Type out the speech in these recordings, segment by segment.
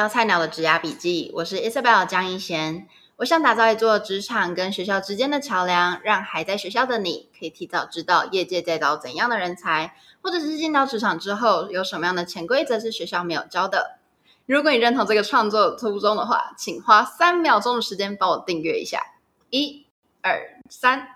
到菜鳥的職涯筆記，我是 Isabelle 江一賢。我想打造一座職場跟學校之間的橋樑，讓還在學校的你可以提早知道業界在找怎樣的人才，或者是進到職場之後有什麼樣的潛規則是學校沒有教的。如果你認同這個創作的初衷的話，請花三秒鐘的時間幫我訂閱一下，一、二、三。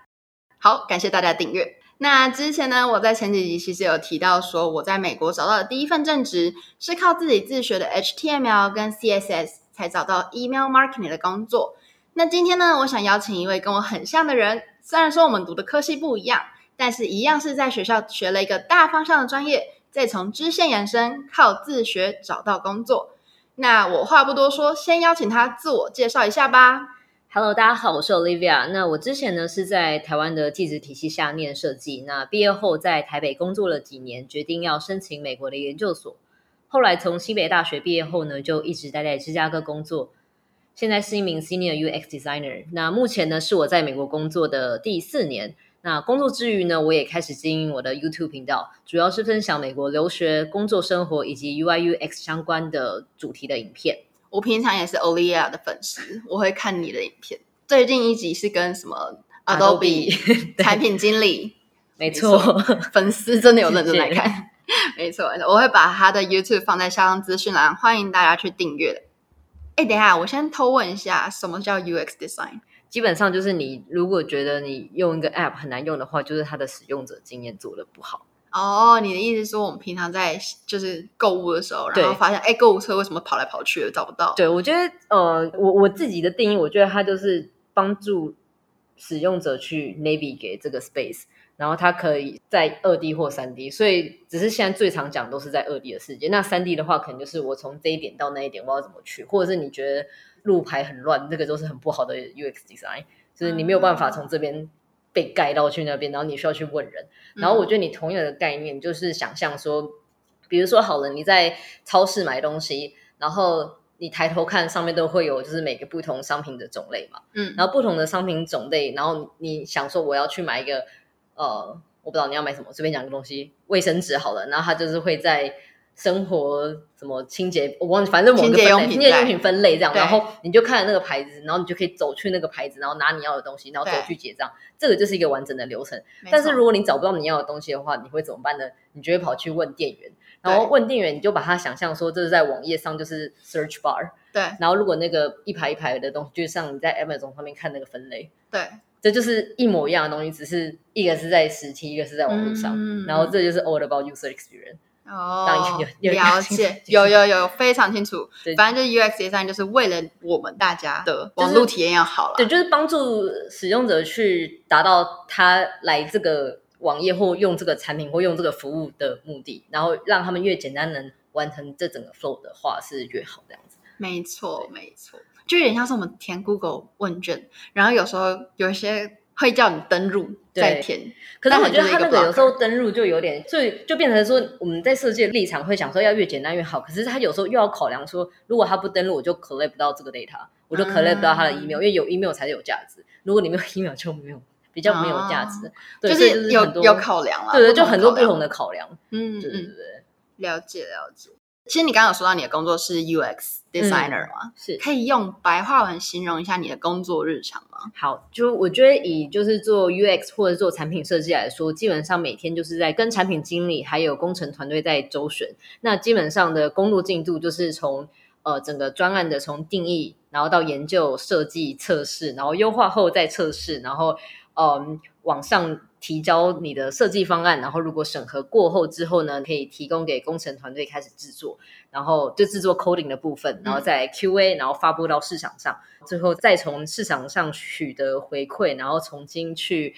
好，感謝大家訂閱。那之前呢，我在前幾集其實有提到說，我在美國找到的第一份正職是靠自己自學的 HTML 跟 CSS 才找到 Email Marketing 的工作。那今天呢，我想邀請一位跟我很像的人，雖然說我們讀的科系不一樣，但是一樣是在學校學了一個大方向的專業，再從支線延伸，靠自學找到工作。那我話不多說，先邀請他自我介紹一下吧。Hello，大家好，我是 Olivia。那我之前呢是在台灣的技職體系下念設計。那畢業後在台北工作了幾年，決定要申請美國的研究所。後來從西北大學畢業後呢，就一直待在芝加哥工作。現在是一名 Senior UX Designer。那目前呢是我在美國工作的第四年。那工作之餘呢，我也開始經營我的 YouTube 頻道，主要是分享美國留學、工作、生活以及 UI/UX 相關的主題的影片。我平常也是 Olivia 的粉絲，我會看你的影片。最近一集是跟什麼 Adobe、啊、都比產品經理？沒錯，粉絲真的有認真來看。沒錯，我會把他的 YouTube 放在下方資訊欄，歡迎大家去訂閱。哎，等一下，我先偷問一下，什麼叫 UX Design？基本上就是你如果覺得你用一個 App 很難用的話，就是它的使用者經驗做得不好。哦、oh，你的意思是說，我們平常在就是購物的時候，然後發現哎，購物車為什麼跑來跑去的找不到？對，我覺得呃，我我自己的定義，我覺得它就是幫助使用者去 navigate 給這個 space，然後它可以在 2D 或 3D，所以只是現在最常講都是在 2D 的世界。那 3D 的話，可能就是我從這一點到那一點，我要怎麼去？或者是你覺得路牌很亂，這個都是很不好的 UX design，就是你沒有辦法從這邊、嗯。被蓋到去那邊，然後你需要去問人。然後我覺得你同樣的概念就是想象說，嗯，比如說好了，你在超市買東西，然後你抬頭看上面都會有就是每個不同商品的種類嘛，嗯，然後不同的商品種類，嗯，然後你想說我要去買一個，呃，我不知道你要買什麼，我隨便講個東西，衛生紙好了，然後它就是會在。生活什麼清潔，我忘記，反正某個清潔用、用品分類這樣，然後你就看了那個牌子，然後你就可以走去那個牌子，然後拿你要的東西，然後走去結賬。這個就是一個完整的流程。但是如果你找不到你要的東西的話，你會怎麼辦呢？你就會跑去問店員，然後問店員，你就把他想象說這是在網頁上，就是 search bar。對。然後如果那個一排一排的東西，就像你在 Amazon 上面看那個分類。對。這就是一模一樣的東西，只是一個是在實體，一個是在網絡上。嗯。然後這就是 all about user experience。哦、oh，了解，有有有非常清楚。對，反正就是 UX 設計，就是為了我們大家的網絡體驗要好了，就是。對，就是幫助使用者去達到他來這個網頁或用這個產品或用這個服務的目的，然後讓他們越簡單能完成這整個 flow 的話是越好這樣子的。沒錯，沒錯，就有點像是我們填 Google 問卷，然後有時候有一些。會叫你登入再填，可是我覺得他那個有時候登入就，就有點，所以就變成說我們在設計的立場會想說要越簡單越好。可是他有時候又要考量說，如果他不登入，我就 collect 不到這個 data，我就 collect 不到他的 email，、嗯、因為有 email 才是有價值。如果你沒有 email 就沒有，啊、比較沒有價值。就是，就是很多有有考量了，對對，就很多不同的考量。嗯，對對對，了解了解。其實你剛剛有說到你的工作是 UX Designer 嗎、嗯？是，可以用白話文形容一下你的工作日常嗎？好，就我覺得以就是做 UX 或者做產品設計來說，基本上每天就是在跟產品經理還有工程團隊在周旋。那基本上的工作進度就是從呃整個專案的從定義，然後到研究、設計、測試，然後優化後再測試，然後。嗯，網上提交你的設計方案，然後如果審核過後之後呢，可以提供給工程團隊開始制作，然後就制作 coding 的部分，然後再 QA，然後發布到市場上，最後再從市場上取得回饋，然後重新去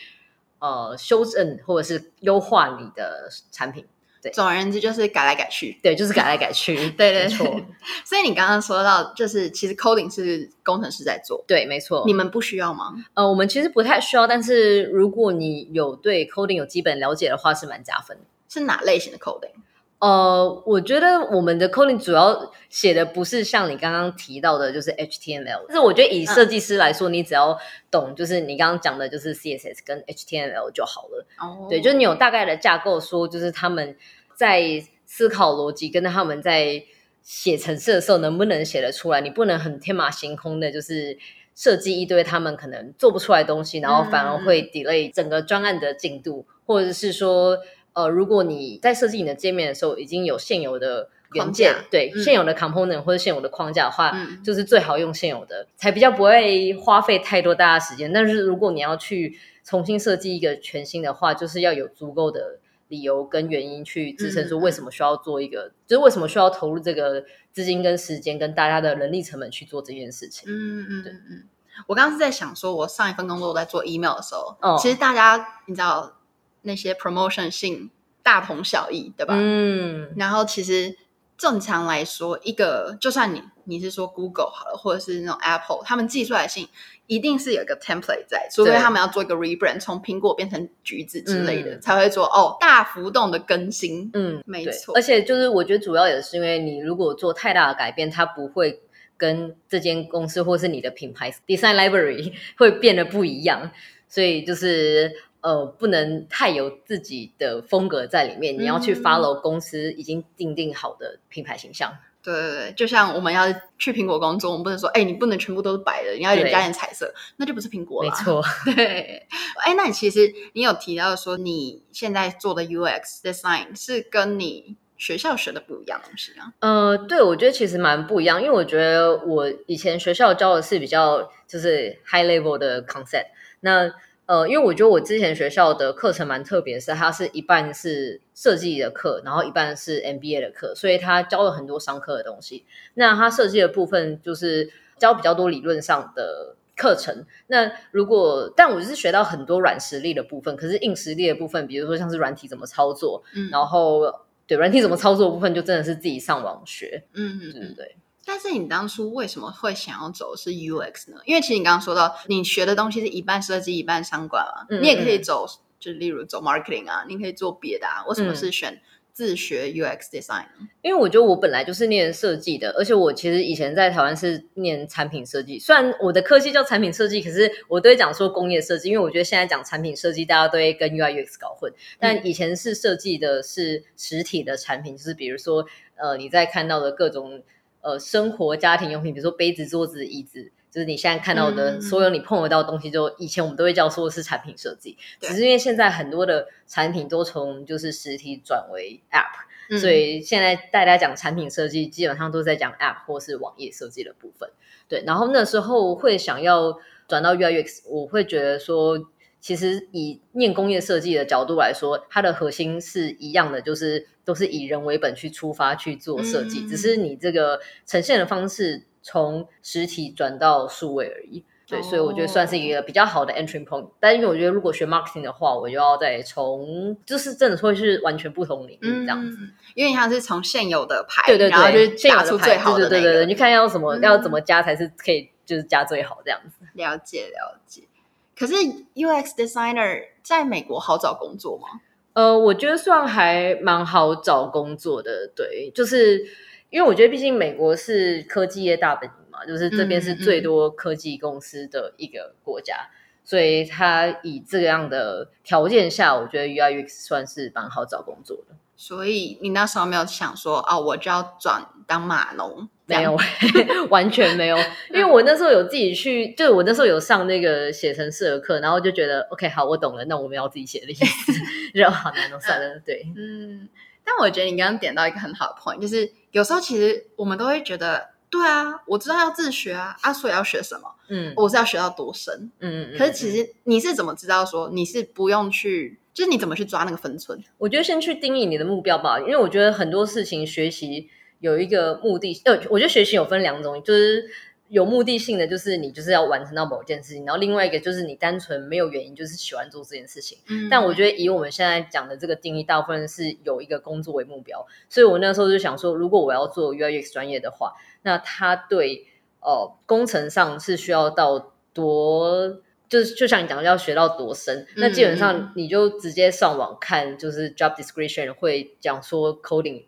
呃修正或者是優化你的產品。總而言之，就是改來改去，對，就是改來改去，對對對 所以你剛剛說到，就是其實 coding 是工程師在做，對，沒錯。你們不需要嗎？呃，我們其實不太需要，但是如果你有對 coding 有基本了解的話，是蠻加分。是哪類型的 coding？呃，我覺得我們的 coding 主要寫的不是像你剛剛提到的，就是 HTML。但是我覺得以設計師來說，嗯、你只要懂，就是你剛剛講的，就是 CSS 跟 HTML 就好了。哦、oh，對，就你有大概的架構，說就是他們。在思考邏輯，跟他們在寫程式的時候，能不能寫得出來？你不能很天馬行空的，就是設計一堆他們可能做不出來的東西，然後反而會 delay 整個專案的進度。或者是說，呃，如果你在設計你的界面的時候，已經有現有的元件，對、嗯、現有的 component 或者現有的框架的話，就是最好用現有的、嗯，才比較不會花費太多大家時間。但是如果你要去重新設計一個全新的話，就是要有足夠的。理由跟原因去支撐說，為什麼需要做一個，嗯、就是為什麼需要投入這個資金跟時間跟大家的人力成本去做這件事情。嗯嗯嗯嗯，我剛剛是在想說，我上一份工作我在做 email 的時候，哦、其實大家你知道那些 promotion 信大同小異，對吧？嗯，然後其實。正常來說，一個就算你你是說 Google 好了，或者是那種 Apple，他們寄出來的信一定是有一個 template 在，除非他們要做一個 rebrand，從蘋果變成橘子之類的，嗯、才會做哦大幅度的更新。嗯，沒錯。而且就是我覺得主要也是因為你如果做太大的改變，它不會跟這間公司或是你的品牌 design library 會變得不一樣，所以就是。呃，不能太有自己的風格在裡面。你要去 follow 公司已經定定好的品牌形象。對、嗯、對對，就像我們要去蘋果公司，我們不能說，哎，你不能全部都是白的，你要加點彩色，那就不是蘋果、啊、沒錯，對。哎，那你其實你有提到說，你現在做的 UX design 是跟你學校學的不一樣東西啊？呃，對，我覺得其實蠻不一樣，因為我覺得我以前學校教的是比較就是 high level 的 concept，那。呃，因為我覺得我之前學校的課程蠻特別的是，是它是一半是設計的課，然後一半是 MBA 的課，所以它教了很多商科的東西。那它設計的部分就是教比較多理論上的課程。那如果但我是學到很多軟實力的部分，可是硬實力的部分，比如說像是軟體怎麼操作，嗯、然後對軟體怎麼操作的部分，就真的是自己上網學，嗯，對、就是、對。但是你當初為什麼會想要走是 UX 呢？因為其實你剛剛說到，你學的東西是一半設計一半商管嘛、啊嗯，你也可以走、嗯，就例如走 marketing 啊，你可以做別的啊。為什麼是選自學 UX design 呢、嗯？因為我覺得我本來就是念設計的，而且我其實以前在台灣是念產品設計，雖然我的科系叫產品設計，可是我都會講說工業設計，因為我覺得現在講產品設計，大家都會跟 UI UX 搞混、嗯。但以前是設計的是實體的產品，就是比如說呃，你在看到的各種。呃，生活家庭用品，比如說杯子、桌子、椅子，就是你現在看到的，所有你碰得到的東西，就以前我們都會叫說是產品設計。只是因為現在很多的產品都從就是實體轉為 App，嗯，所以現在大家講產品設計，基本上都在講 App 或是網頁設計的部分。對，然後那時候會想要轉到 UX，我會覺得說。其實以念工業設計的角度來說，它的核心是一樣的，就是都是以人為本去出發去做設計，嗯，只是你這個呈現的方式從實體轉到數位而已。哦、對，所以我覺得算是一個比較好的 entry point。但因為我覺得如果學 marketing 的話，我就要再從就是真的會是完全不同領域，嗯、這樣子。因為它是從現有的牌，對對對，然後就現有的打出最好的那個，對對對對，你看要什麼要怎麼加才是可以，就是加最好這樣子。嗯、了解了解。了解可是 UX Designer 在美國好找工作嗎？呃，我覺得算還蠻好找工作的，對，就是因為我覺得畢竟美國是科技業大本營嘛，就是這邊是最多科技公司的一個國家，嗯嗯、所以他以這樣的條件下，我覺得 UI UX 算是蠻好找工作的。所以你那時候沒有想說，哦，我就要轉當碼農。沒有， 完全沒有。因為我那時候有自己去，就我那時候有上那個寫程式的課，然後就覺得 OK，好，我懂了。那我們要自己寫這些， 然後好難、嗯，算了，對。嗯，但我覺得你剛剛點到一個很好的 point，就是有時候其實我們都會覺得，對啊，我知道要自學啊，啊，所以要學什麼？嗯，我是要學到多深？嗯嗯。可是其實你是怎麼知道說你是不用去，就是你怎麼去抓那個分寸？我覺得先去定義你的目標吧，因為我覺得很多事情學習。有一個目的，呃，我覺得學習有分兩種，就是有目的性的，就是你就是要完成到某件事情，然後另外一個就是你單純沒有原因，就是喜歡做這件事情。嗯。但我覺得以我們現在講的這個定義，大部分是有一個工作為目標，所以我那時候就想說，如果我要做 UX 專業的話，那它對哦、呃、工程上是需要到多，就是就像你講的要學到多深，那基本上你就直接上網看，就是 job description 會講說 coding。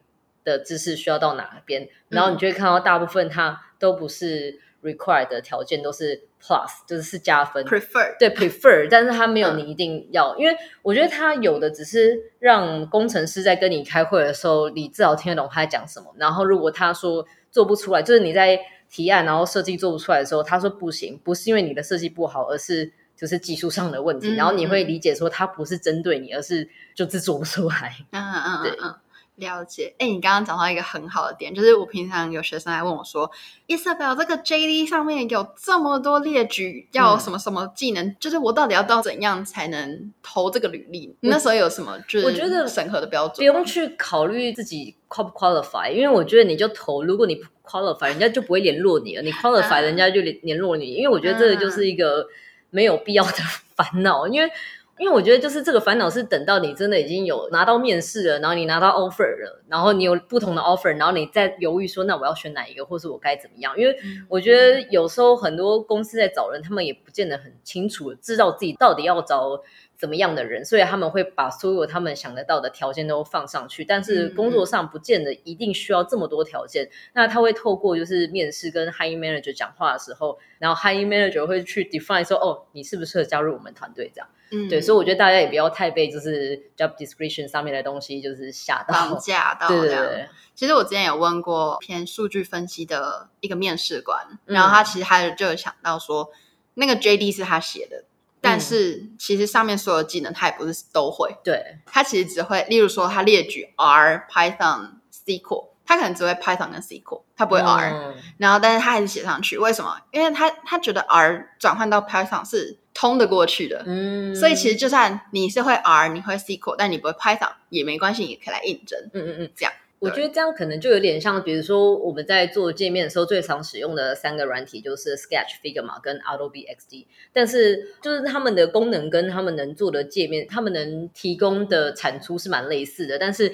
的知識需要到哪邊，然後你就會看到大部分它都不是 required 的條件，都是 plus，就是是加分。prefer 對 prefer，但是他沒有你一定要，嗯、因為我覺得他有的只是讓工程師在跟你開會的時候，你至少聽得懂他在講什麼。然後如果他說做不出來，就是你在提案然後設計做不出來的時候，他說不行，不是因為你的設計不好，而是就是技術上的問題。嗯嗯。然後你會理解說他不是針對你，而是就是做不出來。嗯嗯嗯，對。嗯嗯嗯了解，哎，你剛剛講到一個很好的點，就是我平常有學生來問我說，Isabelle 這個 JD 上面有這麼多列舉要什麼什麼技能、嗯，就是我到底要到怎樣才能投這個履歷？那時候有什麼？就是審核的標準，不用去考慮自己 qualify，因為我覺得你就投，如果你不 qualify，人家就不會聯絡你了；你 qualify，、啊、人家就聯聯絡你，因為我覺得這個就是一個沒有必要的煩惱，因為。因為我覺得，就是這個煩惱是等到你真的已經有拿到面試了，然後你拿到 offer 了，然後你有不同的 offer，然後你再猶豫說，那我要選哪一個，或是我該怎麼樣？因為我覺得有時候很多公司在找人，他們也不見得很清楚，知道自己到底要找。怎麼樣的人，所以他們會把所有他們想得到的條件都放上去。但是工作上不見得一定需要這麼多條件。嗯、那他會透過就是面試跟 hiring manager 講話的時候，然後 hiring manager 會去 define 說，哦，你適不適合加入我們團隊？這樣、嗯，對。所以我覺得大家也不要太被就是 job description 上面的東西就是嚇到，綁架到。對，對，對，對，對，對。其實我之前有問過偏數據分析的一個面試官，嗯、然後他其實他就想到說，那個 JD 是他寫的。但是其實上面所有技能他也不是都會，對，他其實只會，例如說他列舉 R Python SQL，他可能只會 Python 跟 SQL，他不會 R，嗯。然後但是他還是寫上去，為什麼？因為他他覺得 R 轉換到 Python 是通得過去的，嗯。所以其實就算你是會 R，你會 SQL，但你不會 Python 也沒關係，你也可以來應徵。嗯嗯嗯，這樣。我覺得這樣可能就有點像，比如說我們在做界面的時候最常使用的三個軟體就是 Sketch、Figma 跟 Adobe XD，但是就是他們的功能跟他們能做的界面，他們能提供的產出是蠻類似的。但是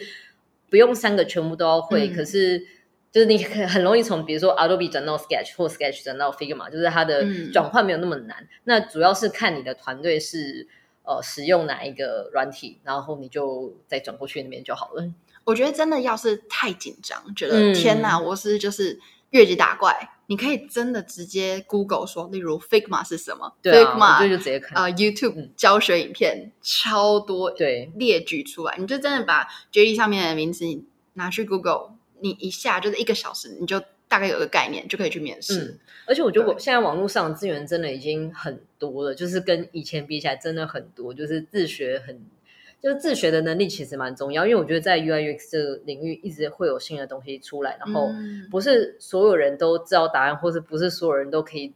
不用三個全部都要會，嗯，可是就是你很容易從比如說 Adobe 轉到 Sketch 或 Sketch 轉到 Figma，就是它的轉換沒有那麼難。嗯、那主要是看你的團隊是呃使用哪一個軟體，然後你就再轉過去那邊就好了。我覺得真的要是太緊張，覺得天哪，嗯，我是就是越級打怪，你可以真的直接 Google 說，例如 Figma 是什麼？對啊，Figma 就直接看啊，呃、YouTube 教學影片超多，對，列舉出來，嗯，你就真的把 JD 上面的名詞拿去 Google，你一下就是一個小時，你就大概有個概念，就可以去面試，嗯。而且我覺得我現在網絡上的資源真的已經很多了，就是跟以前比起來真的很多，就是自學很。就自學的能力其實蠻重要，因為我覺得在 UI UX 這個領域一直會有新的東西出來，然後不是所有人都知道答案，嗯、或是不是所有人都可以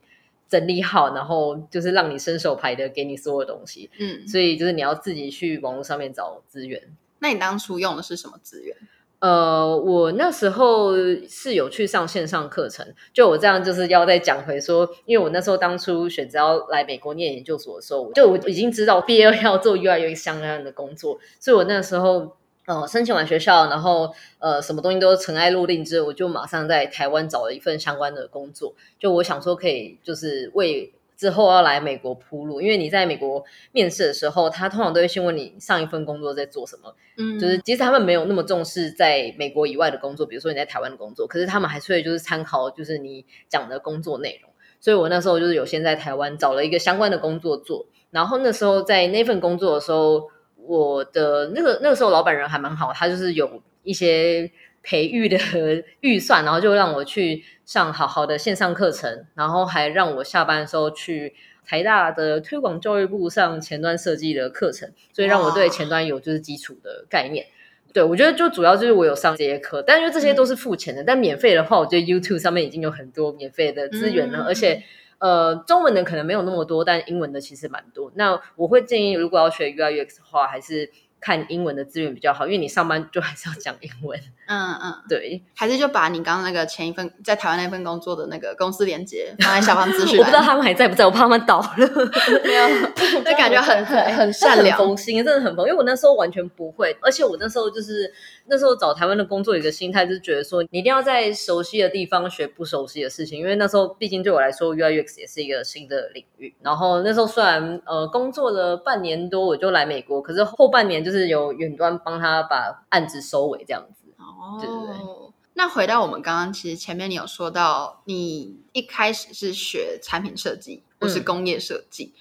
整理好，然後就是讓你伸手牌的給你所有東西。嗯，所以就是你要自己去網絡上面找資源。那你當初用的是什麼資源？呃，我那時候是有去上線上課程，就我這樣就是要再講回說，因為我那時候當初選擇要來美國念研究所的時候，就我已經知道畢業要做 UI/UX 相關的工作，所以我那時候呃申請完學校，然後呃什麼東西都塵埃落定之後，我就馬上在台灣找了一份相關的工作，就我想說可以就是為。之後要來美國鋪路，因為你在美國面試的時候，他通常都會先問你上一份工作在做什麼。嗯，就是即使他們沒有那麼重視在美國以外的工作，比如說你在台灣的工作，可是他們還是會就是參考就是你講的工作內容。所以我那時候就是有先在台灣找了一個相關的工作做，然後那時候在那份工作的時候，我的那個那個時候老板人還蠻好，他就是有一些。培育的預算，然後就讓我去上好好的線上課程，然後還讓我下班的時候去台大的推廣教育部上前端設計的課程，所以讓我對前端有就是基礎的概念。對，我覺得就主要就是我有上這些課，但因為這些都是付錢的，嗯，但免費的話，我覺得 YouTube 上面已經有很多免費的資源了，嗯嗯，而且呃中文的可能沒有那麼多，但英文的其實蠻多。那我會建議如果要學 UI UX 的話，還是看英文的資源比較好，因為你上班就還是要講英文。 嗯嗯，對，還是就把你剛剛那個前一份在台灣那份工作的那個公司連結放在下方資訊。 我不知道他們還在不在，我怕他們倒了。 沒有，就 感覺很 很很善良，很用心，真的很。因為我那時候完全不會，而且我那時候就是那時候找台灣的工作，有一個心態就是覺得說，你一定要在熟悉的地方學不熟悉的事情，因為那時候畢竟對我來說，UX 也是一個新的領域。然後那時候雖然呃工作了半年多，我就來美國，可是後半年就是有遠端幫他把案子收尾這樣子。哦，對，對，對。那回到我們剛剛，其實前面你有說到，你一開始是學產品設計或是工業設計。嗯，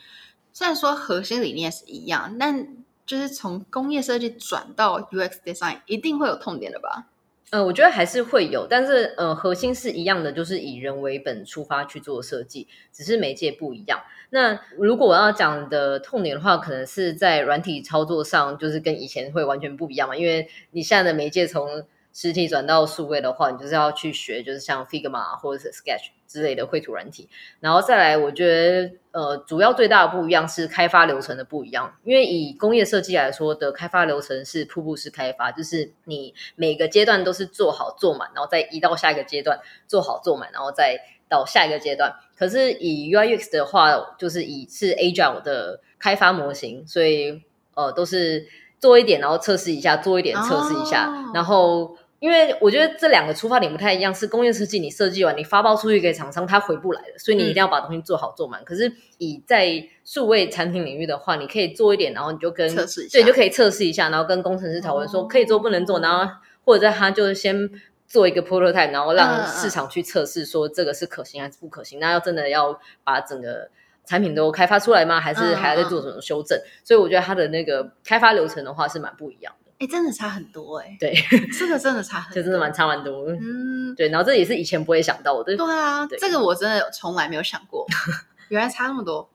雖然說核心理念是一樣，但就是從工業設計轉到 UX design 一定會有痛點的吧？呃，我覺得還是會有，但是呃，核心是一樣的，就是以人為本出發去做設計，只是媒介不一樣。那如果我要講的痛點的話，可能是在軟體操作上，就是跟以前會完全不一樣嘛，因為你現在的媒介從實體轉到數位的話，你就是要去學，就是像 Figma 或者是 Sketch 之類的繪圖軟體。然後再來，我覺得呃，主要最大的不一樣是開發流程的不一樣。因為以工業設計來說的開發流程是瀑布式開發，就是你每個階段都是做好做滿，然後再移到下一個階段做好做滿，然後再到下一個階段。可是以 UI UX 的話，就是以是 Agile 的開發模型，所以呃，都是做一點然後測試一下，做一點測試一下，Oh. 然後。因為我覺得這兩個出發點不太一樣，是工業設計，你設計完你發包出去給廠商，他回不來的，所以你一定要把東西做好做滿、嗯。可是以在數位產品領域的話，你可以做一點，然後你就跟測試一下對你就可以測試一下，然後跟工程師討論說、嗯、可以做不能做，然後或者在他就是先做一個 prototype，然後讓市場去測試說、嗯嗯、說這個是可行還是不可行。那要真的要把整個產品都開發出來嗎？還是還要再做什麼修正、嗯嗯？所以我覺得它的那個開發流程的話是蠻不一樣的。哎，真的差很多哎、欸！對，這個真的差很多。 就真的蠻差蠻多。嗯，對，然後這也是以前不會想到的，我的對啊對，這個我真的從來沒有想過， 原來差那麼多。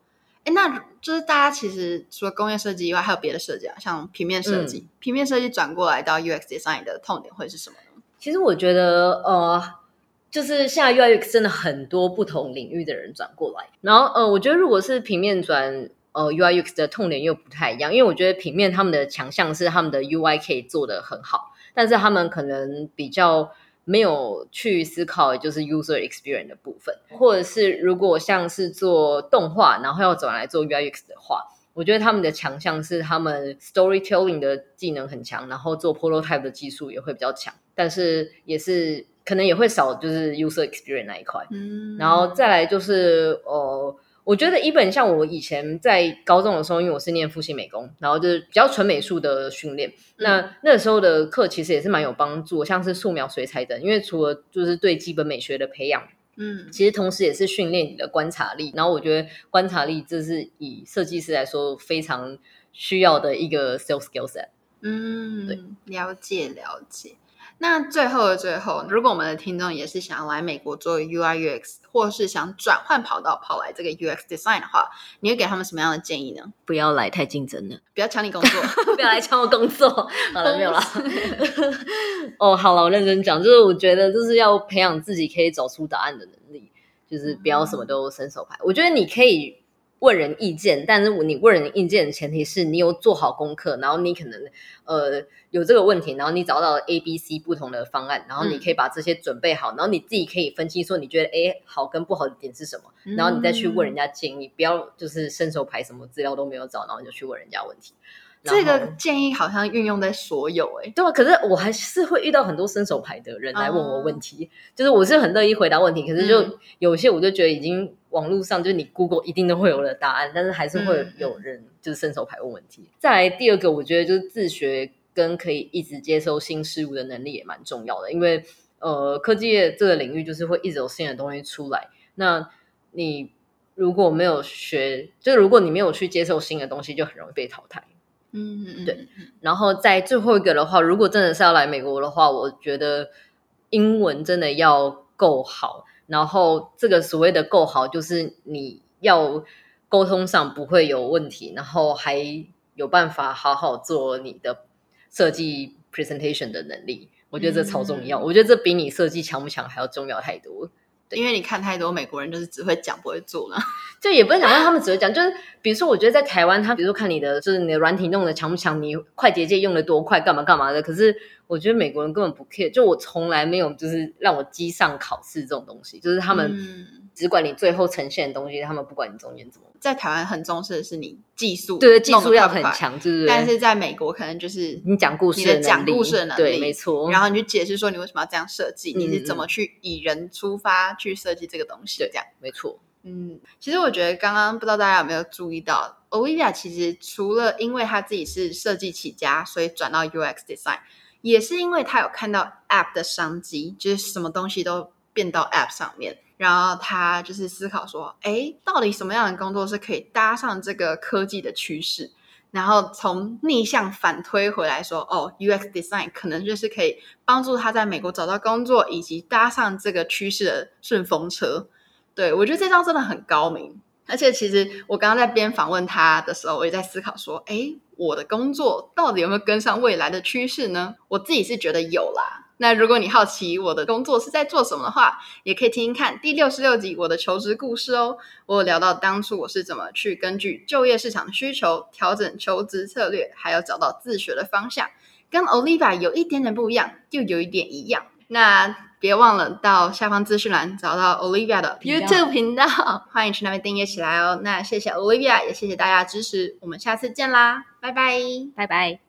哎，那就是大家其實除了工業設計以外，還有別的設計啊，像平面設計、嗯。平面設計轉過來到 UX design 的痛點會是什麼呢？其實我覺得，呃，就是現在 UX 真的很多不同領域的人轉過來，然後呃，我覺得如果是平面轉。呃，UI UX 的痛點又不太一樣，因為我覺得平面他們的強項是他們的 UIK 做得很好，但是他們可能比較沒有去思考就是 user experience 的部分，嗯、或者是如果像是做動畫，然後要轉來做 UI UX 的話，我覺得他們的強項是他們 storytelling 的技能很強，然後做 prototype 的技術也會比較強，但是也是可能也會少就是 user experience 那一塊。嗯，然後再來就是哦。呃我覺得一本像我以前在高中的時候，因為我是念復興美工，然後就是比較純美術的訓練、嗯。那那時候的課其實也是蠻有幫助，像是素描、水彩等。因為除了就是對基本美學的培養，嗯，其實同時也是訓練你的觀察力。然後我覺得觀察力這是以設計師來說非常需要的一個 skill set。嗯，對，了解了解。那最後的最後，如果我們的聽眾也是想要來美國做 UI UX，或是想轉換跑道跑來這個 UX Design 的話，你會給他們什麼樣的建議呢？不要來太競爭了，不要搶你工作， 不要來搶我工作。好了，沒有了。哦， 哦好了，我認真講，就是我覺得就是要培養自己可以找出答案的能力，就是不要什麼都伸手牌。嗯、我覺得你可以。問人意見，但是你問人意見的前提是你有做好功課，然後你可能呃有這個問題，然後你找到 A、B、C 不同的方案，然後你可以把這些準備好，嗯、然後你自己可以分析說你覺得哎好跟不好的點是什麼，然後你再去問人家建議，嗯、不要就是伸手牌什麼資料都沒有找，然後你就去問人家問題。這個建議好像運用在所有哎、欸，對吧、啊？可是我還是會遇到很多伸手牌的人來問我問、問題、哦，就是我是很樂意回答問題、嗯，可是就有些我就覺得已經網絡上就是你 Google 一定都會有的答案、嗯，但是還是會有人就是伸手牌問問題。嗯、再來第二個，我覺得就是自學跟可以一直接收新事物的能力也蠻重要的，因為呃科技業這個領域就是會一直有新的東西出來，那你如果沒有學，就如果你沒有去接受新的東西，就很容易被淘汰。嗯，對。然後在最後一個的話，如果真的是要來美國的話，我覺得英文真的要夠好。然後這個所謂的夠好，就是你要溝通上不會有問題，然後還有辦法好好做你的設計 presentation 的能力。我覺得這超重要，嗯，我覺得這比你設計強不強還要重要太多。因為你看太多美國人，就是只會講不會做了， 就也不是講他們只會講， 就是比如說，我覺得在台灣，他比如說看你的就是你的軟體弄的強不強，你快捷鍵用的多快，幹嘛幹嘛的。可是我覺得美國人根本不 care，就我從來沒有就是讓我機上考試這種東西，就是他們、嗯。只管你最後呈現的東西，他們不管你中間怎麼。在台灣很重視的是你技術，對，技術要很強，就是、對。但是在美國，可能就是你講故事，你的講故事的能力，對，沒錯。然後你就解釋說你為什麼要這樣設計、嗯，你是怎麼去以人出發去設計這個東西，就這樣，沒錯。嗯，其實我覺得剛剛不知道大家有沒有注意到，Olivia 其實除了因為他自己是設計起家，所以轉到 UX Design，也是因為他有看到 App 的商機，就是什麼東西都變到 App 上面。然後他就是思考說，誒到底什麼樣的工作是可以搭上這個科技的趨勢？然後從逆向反推回來說，哦，UX design 可能就是可以幫助他在美國找到工作，以及搭上這個趨勢的順風車。對我覺得這招真的很高明，而且其實我剛剛在邊訪問他的時候，我也在思考說，誒我的工作到底有沒有跟上未來的趨勢呢？我自己是覺得有啦。那如果你好奇我的工作是在做什麼的話，也可以聽聽看第六十六集我的求職故事哦。我有聊到當初我是怎麼去根據就業市場的需求調整求職策略，還有找到自學的方向，跟 Olivia 有一點點不一樣，又有一點一樣。那別忘了到下方資訊欄找到 Olivia 的 YouTube 頻道，頻道，歡迎去那邊訂閱起來哦。那謝謝 Olivia，也謝謝大家的支持，我們下次見啦，拜拜，拜拜。